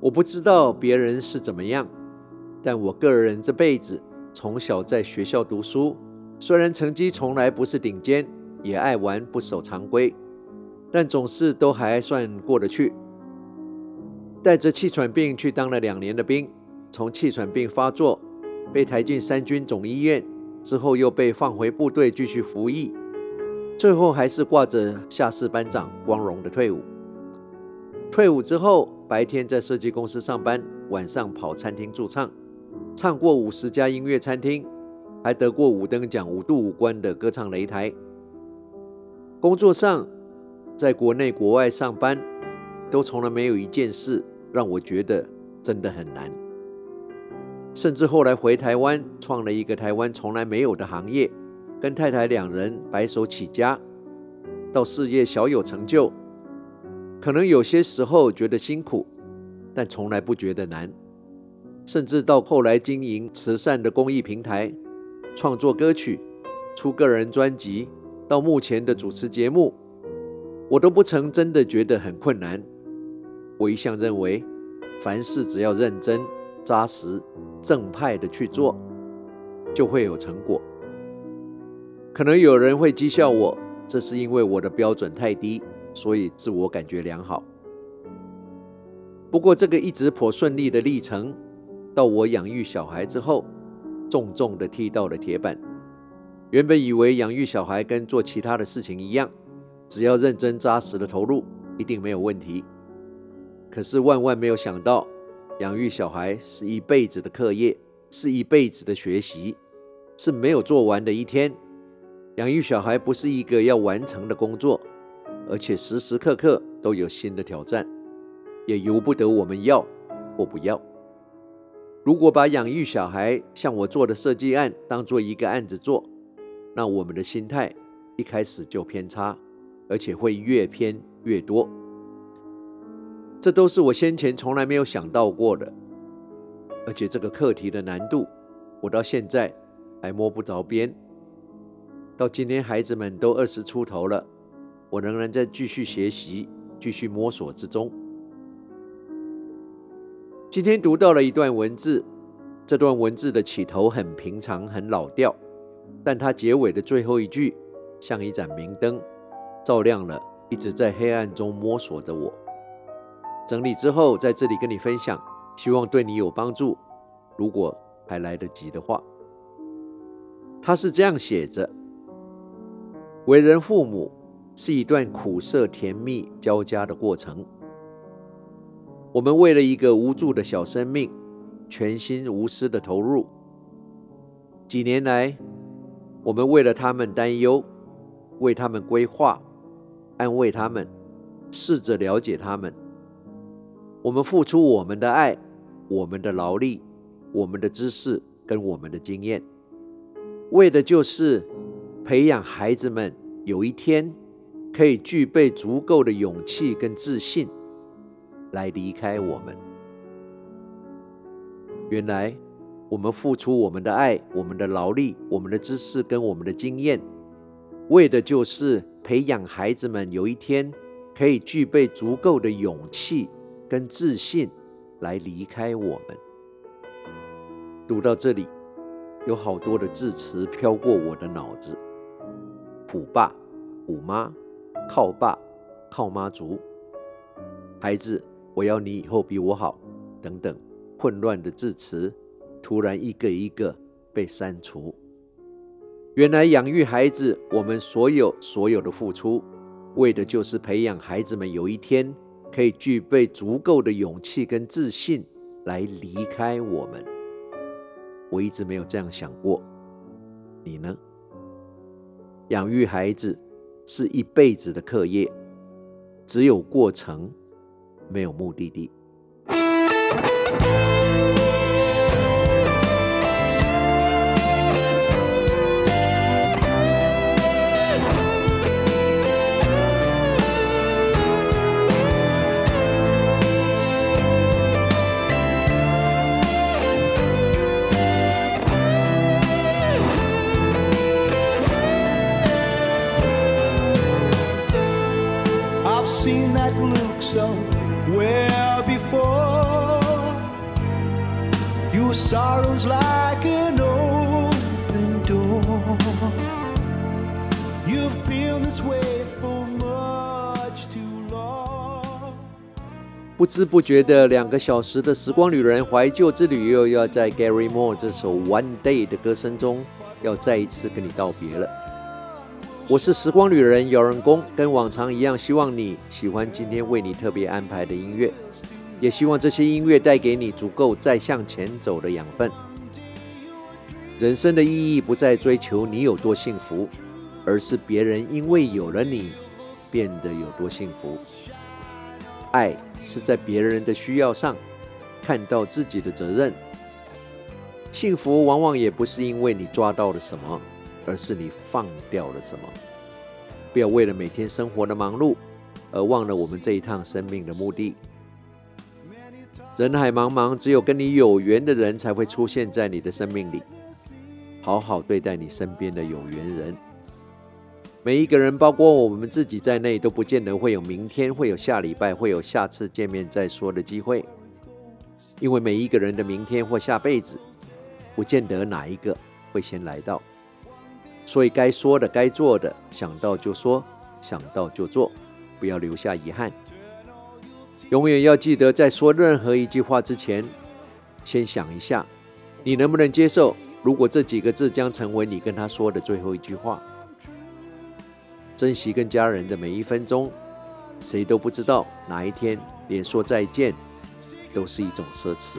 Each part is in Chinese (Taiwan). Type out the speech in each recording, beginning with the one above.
我不知道別人是怎麼樣，但我個人這輩子從小在學校讀書，雖然成績從來不是頂尖，也愛玩不守常規，但總是都還算過得去。帶着氣喘病去當了兩年的兵，從氣喘病發作被抬進三軍總醫院之後，又被放回部隊繼續服役，最後還是掛着下士班長光榮的退伍。退伍之後，白天在設計公司上班，晚上跑餐廳駐唱，唱過五十家音樂餐廳，還得過五燈獎、五度五關的歌唱擂台。工作上，在國內國外上班，都從來沒有一件事讓我覺得真的很難。甚至後來回台灣，創了一個台灣從來沒有的行業，跟太太兩人白手起家，到事業小有成就。可能有些時候覺得辛苦，但從來不覺得難。甚至到後來經營慈善的公益平台、創作歌曲、出個人專輯，到目前的主持節目，我都不曾真的覺得很困難。我一向認為，凡事只要認真、紮實、正派的去做，就會有成果。可能有人會譏笑我，這是因為我的標準太低。所以自我感覺良好。不過這個一直頗順利的歷程，到我養育小孩之後，重重的踢到了鐵板。原本以為養育小孩跟做其他的事情一樣，只要認真扎實的投入，一定沒有問題。可是萬萬沒有想到，養育小孩是一輩子的課業，是一輩子的學習，是沒有做完的一天。養育小孩不是一個要完成的工作。而且時時刻刻都有新的挑戰，也由不得我們要或不要。如果把養育小孩像我做的設計案當做一個案子做，那我們的心態一開始就偏差，而且會越偏越多。這都是我先前從來沒有想到過的，而且這個課題的難度，我到現在還摸不着邊。到今天，孩子們都二十出頭了。我仍然在繼續學習、繼續摸索之中。今天讀到了一段文字，這段文字的起頭很平常、很老調，但它結尾的最後一句像一盞明燈，照亮了一直在黑暗中摸索着我。整理之後在這裡跟你分享，希望對你有幫助。如果還來得及的話，它是這樣寫着：“為人父母，”是一段苦澀、甜蜜交加的過程。我們為了一個無助的小生命，全心無私的投入。幾年來，我們為了他們擔憂，為他們規劃，安慰他們，試着了解他們。我們付出我們的愛、我們的勞力、我們的知識跟我們的經驗，為的就是培養孩子們有一天，可以具備足夠的勇氣跟自信，來離開我們。原來，我們付出我們的愛、我們的勞力、我們的知識跟我們的經驗，為的就是培養孩子們有一天可以具備足夠的勇氣跟自信，來離開我們。讀到這裡，有好多的字詞飄過我的腦子：虎爸、虎媽。靠爸，靠媽族，孩子，我要你以後比我好，等等，混亂的字詞，突然一個一個被刪除。原來養育孩子，我們所有所有的付出，為的就是培養孩子們有一天可以具備足夠的勇氣跟自信，來離開我們。我一直沒有這樣想過，你呢？養育孩子，是一輩子的課業，只有過程，沒有目的地。不知不覺的兩個小時的時光，旅人懷舊之旅，又要在 Gary Moore 這首《One Day》的歌聲中，要再一次跟你道別了。我是時光旅人姚仁恭，跟往常一樣，希望你喜歡今天為你特別安排的音樂，也希望這些音樂帶給你足夠再向前走的養分。人生的意義不在追求你有多幸福，而是別人因為有了你變得有多幸福。愛是在別人的需要上看到自己的責任。幸福往往也不是因為你抓到了什麼。而是你放掉了什麼？不要為了每天生活的忙碌，而忘了我們這一趟生命的目的。人海茫茫，只有跟你有緣的人才會出現在你的生命裡。好好對待你身邊的有緣人。每一個人，包括我們自己在內，都不見得會有明天，會有下禮拜，會有下次見面再說的機會。因為每一個人的明天或下輩子，不見得哪一個會先來到。所以該說的、該做的，想到就說，想到就做，不要留下遺憾。永遠要記得，在說任何一句話之前，先想一下，你能不能接受？如果這幾個字將成為你跟他說的最後一句話。珍惜跟家人的每一分鐘，誰都不知道哪一天連說再見都是一種奢侈。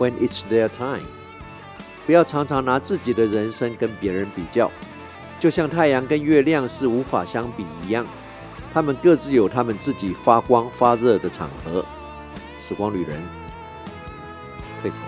When it's their time，不要常常拿自己的人生跟別人比較，就像太陽跟月亮是無法相比一樣，他們各自有他們自己發光發熱的場合。時光旅人退場。